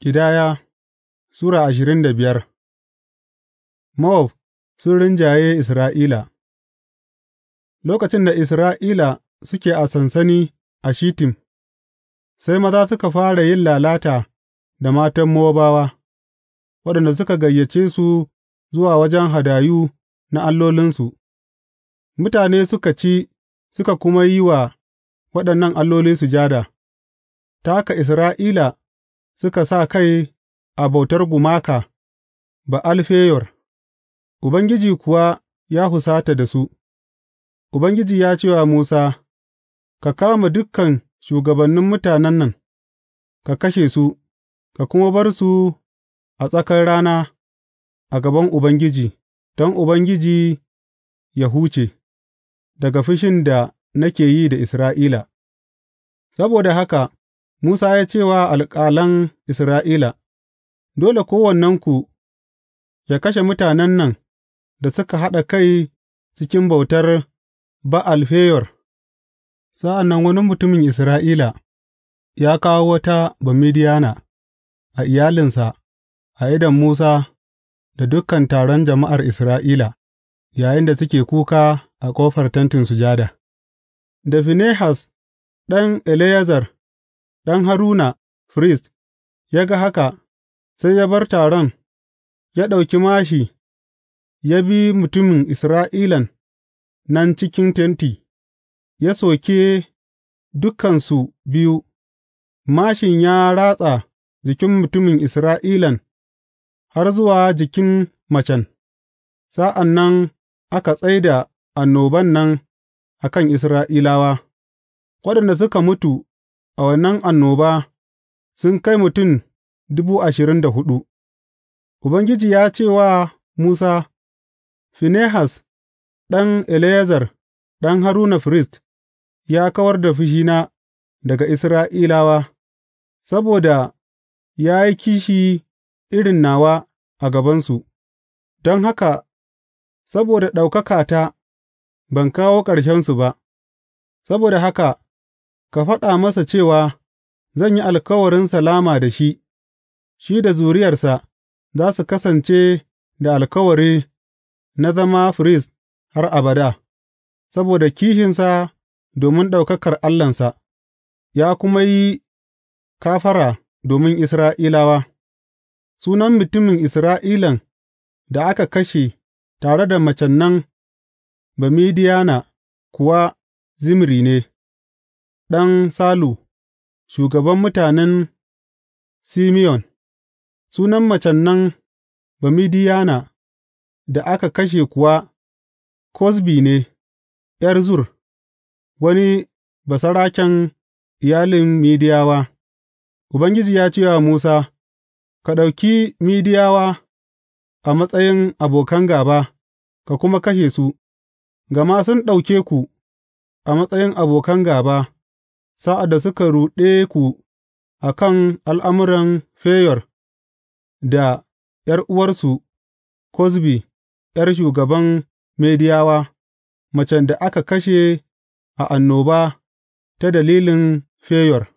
Ƙidaya Sura ashirin da biyar Mowab sun rinjaye Isra'ila Lokacin da Isra'ila suke a sansani a Shittim, sai maza suka fara yin lalata da matan Mowabawa, waɗanda suka gayyace su zuwa wajen hadayu na allolinsu, mutane suka ci suka kuma yi wa waɗannan alloli sujada, ta haka Isra'ila. suka sa kai a bautar gumaka Ba'al Feyor, Ubangiji kuwa ya husata da su, Ubangiji ya ce wa Musa, Ka kama dukan shugabannin mutanen nan, ka kashe su, ka kuma bar su a tsakar rana a gaban Ubangiji, don Ubangiji ya huce daga fushin da nake yi da Isra'ila. Saboda haka Musa ya ce wa alƙalan Isra'ila, Dole kowannenku ya kashe mutanen nan da suka haɗa kai cikin bautar Ba'al Feyor, sa'an nan wani mutumin Isra'ila ya kawo wata Bamidiyana a iyalinsa a idon Musa da dukan taron jama'ar Isra'ila, yayinda suke kuka a ƙofar Tentin Sujada. Da Finehas ɗan Eleyazar. ɗan Haruna, firist, ya ga haka, sai ya bar taron, ya ɗauki māshi, ya bi mutumin Isra'ilan nan cikin tenti, ya soke dukansu biyu, māshin ya ratsa jikin mutumin Isra'ilan har zuwa jikin macen, sa'an nan aka tsaida annoban nan a kan Isra'ilawa, waɗanda suka mutu a wannan annoba sun kai mutum dubu ashirin da hudu, Ubangiji ya ce wa Musa, Finehas ɗan Eleyazar, ɗan Haruna firist, ya kawar da fushina daga Isra'ilawa, saboda ya yi kishi irin nawa a gabansu, don haka, saboda ɗaukakata ban kawo ƙarshensu ba, saboda haka Ka faɗa masa cewa zan yi alkawarin salama da shi, shi da zuriyarsa za su kasance da alkawari na zama firist har abada, saboda kishinsa domin ɗaukakar Allahnsa, ya kuma yi kafara domin Isra'ilawa, sunan mutumin Isra'ilan da aka kashe tare da macen nan Bamidiyana kuwa Zimri ne. ɗan Salu, shugaban mutanen Simeyon, sunan macen nan Bamidiyana da aka kashe kuwa Kozbi ne, ’yar Zur, wani basaraken iyalin Midiyawa, Ubangiji ya ce wa Musa, Ka ɗauki Midiyawa a matsayin abokan gaba ka kuma kashe su, gama sun ɗauke ku a matsayin abokan gaba. sa'ad da suka ruɗe ku a kan al'amuran Feyor da ’yar'uwarsu Kozbi ’yar shugaban Mediyawa, macen da aka kashe a annoba ta dalilin Feyor.